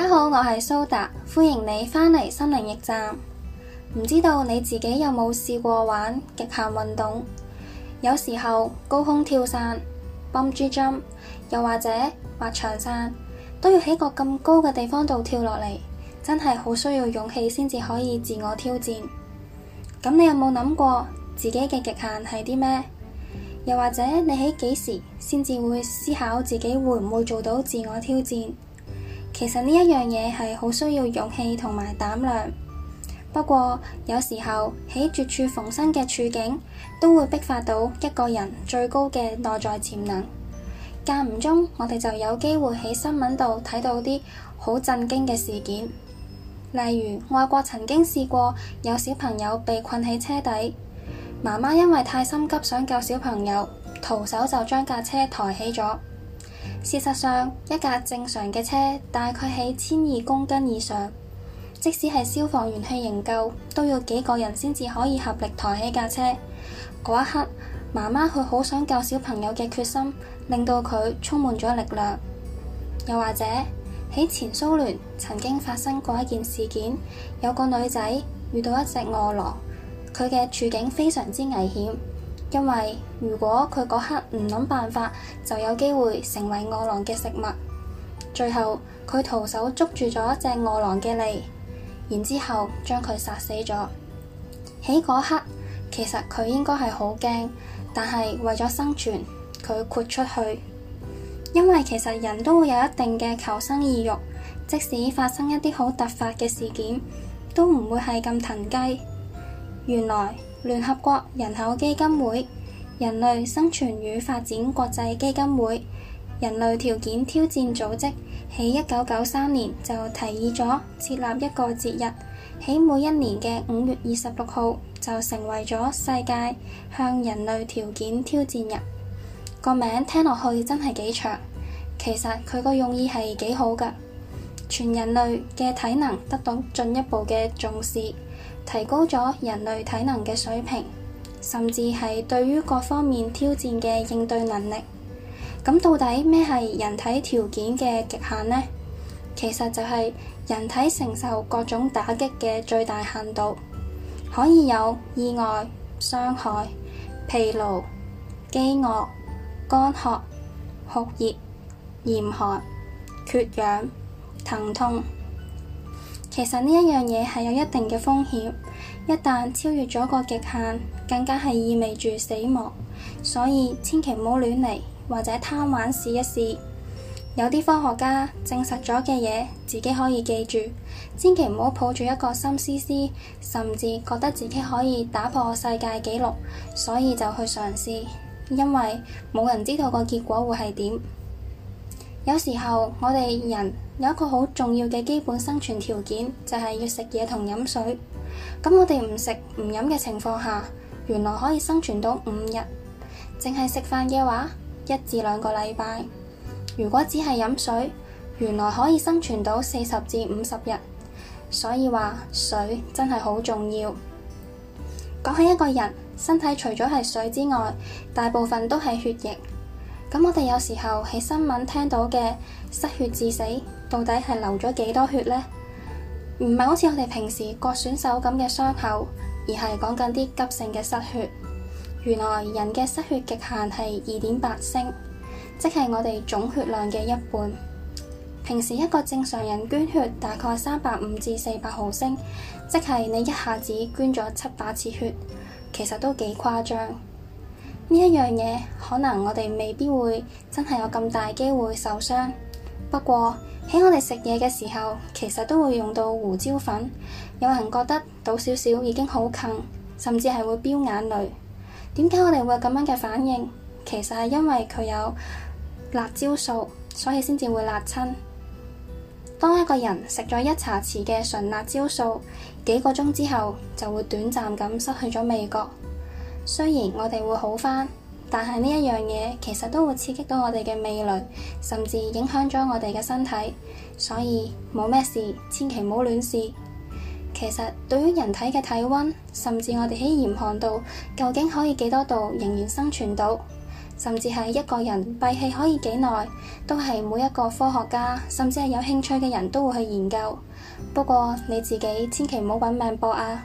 大家好，我係蘇達，歡迎你返嚟心靈驛站。唔知道你自己有冇試過玩極限運動？有時候高空跳傘、Bungee Jump，又或者滑翔傘，都要喺個咁高嘅地方度跳落嚟，真係好需要勇氣先至可以自我挑戰。咁你有冇諗過自己嘅極限係啲咩？又或者你喺幾時先至會思考自己會唔會做到自我挑戰？其實呢一樣嘢係好需要勇氣同埋膽量，不過有時候喺絕處逢生嘅處境都會激發到一個人最高嘅內在潛能。間唔中，我哋就有機會喺新聞度睇到啲好震驚嘅事件，例如外國曾經試過有小朋友被困喺車底，媽媽因為太心急想救小朋友，徒手就將架車抬起咗。事實上，一架正常嘅車大概喺千二公斤以上，即使係消防員去營救，都要幾個人先至可以合力抬起架車。嗰一刻，媽媽佢好想救小朋友嘅決心，令到佢充滿咗力量。又或者喺前蘇聯曾經發生過一件事件，有個女仔遇到一隻餓狼，佢嘅處境非常之危險。因為如果佢嗰刻唔諗辦法，就有機會成為餓狼嘅食物。最後佢徒手捉住咗一隻餓狼嘅脷，然之後將佢殺死咗。喺嗰刻，其實佢應該係好驚，但係為咗生存，佢豁出去。因為其實人都會有一定嘅求生意欲，即使發生一啲好突發嘅事件，都唔會係咁騰雞。原來。聯合國人口基金會、人類生存與發展國際基金會、人類條件挑戰組織，喺一九九三年就提議咗設立一個節日，喺每一年嘅五月二十六號就成為咗世界向人類條件挑戰日。個名聽落去真係幾長，其實佢個用意係幾好㗎，全人類嘅體能得到進一步嘅重視。提高咗人類體能嘅水平，甚至係對於各方面挑戰嘅應對能力。咁到底咩係人體條件嘅極限呢？其實就係人體承受各種打擊嘅最大限度，可以有意外傷害、疲勞、飢餓、乾渴、酷熱、嚴寒、缺氧、疼痛。其實呢一樣嘢係有一定嘅風險，一旦超越咗個極限，更加係意味住死亡，所以千祈唔好亂嚟，或者貪玩試一試。有啲科學家證實咗嘅嘢，自己可以記住，千祈唔好抱住一個心思思，甚至覺得自己可以打破世界紀錄，所以就去嘗試，因為冇人知道個結果會係點。有時候我哋人有一個好重要嘅基本生存條件，就係要食嘢同飲水。咁我哋唔食唔飲嘅情況下，原來可以生存到五日；淨係食飯嘅話，一至兩個禮拜。如果只係飲水，原來可以生存到四十至五十日。所以話水真係好重要。講起一個人身體，除咗係水之外，大部分都係血液。咁我哋有時候喺新聞聽到嘅失血致死，到底係流咗幾多血呢？唔係好似我哋平時割損手咁嘅傷口，而係講緊啲急性嘅失血。原來人嘅失血極限係二點八升，即係我哋總血量嘅一半。平時一個正常人捐血大概三百五至四百毫升，即係你一下子捐咗七八次血，其實都幾誇張。呢一樣嘢可能我哋未必會真係有咁大機會受傷，不過喺我哋食嘢嘅時候，其實都會用到胡椒粉。有人覺得倒少少已經好近，甚至係會飆眼淚。點解我哋會有咁樣嘅反應？其實係因為佢有辣椒素，所以先至會辣親。當一個人食咗一茶匙嘅純辣椒素幾個鐘之後，就會短暫咁失去咗味覺。雖然我哋會好翻，但係呢一樣嘢，其實都會刺激到我哋嘅味蕾，甚至影響咗我哋嘅身體。所以冇咩事，千祈唔好亂試。其實對於人體嘅體溫，甚至我哋喺嚴寒度究竟可以幾多度仍然生存到，甚至係一個人閉氣可以幾耐，都係每一個科學家甚至係有興趣嘅人都會去研究。不過你自己千祈唔好搵命搏啊！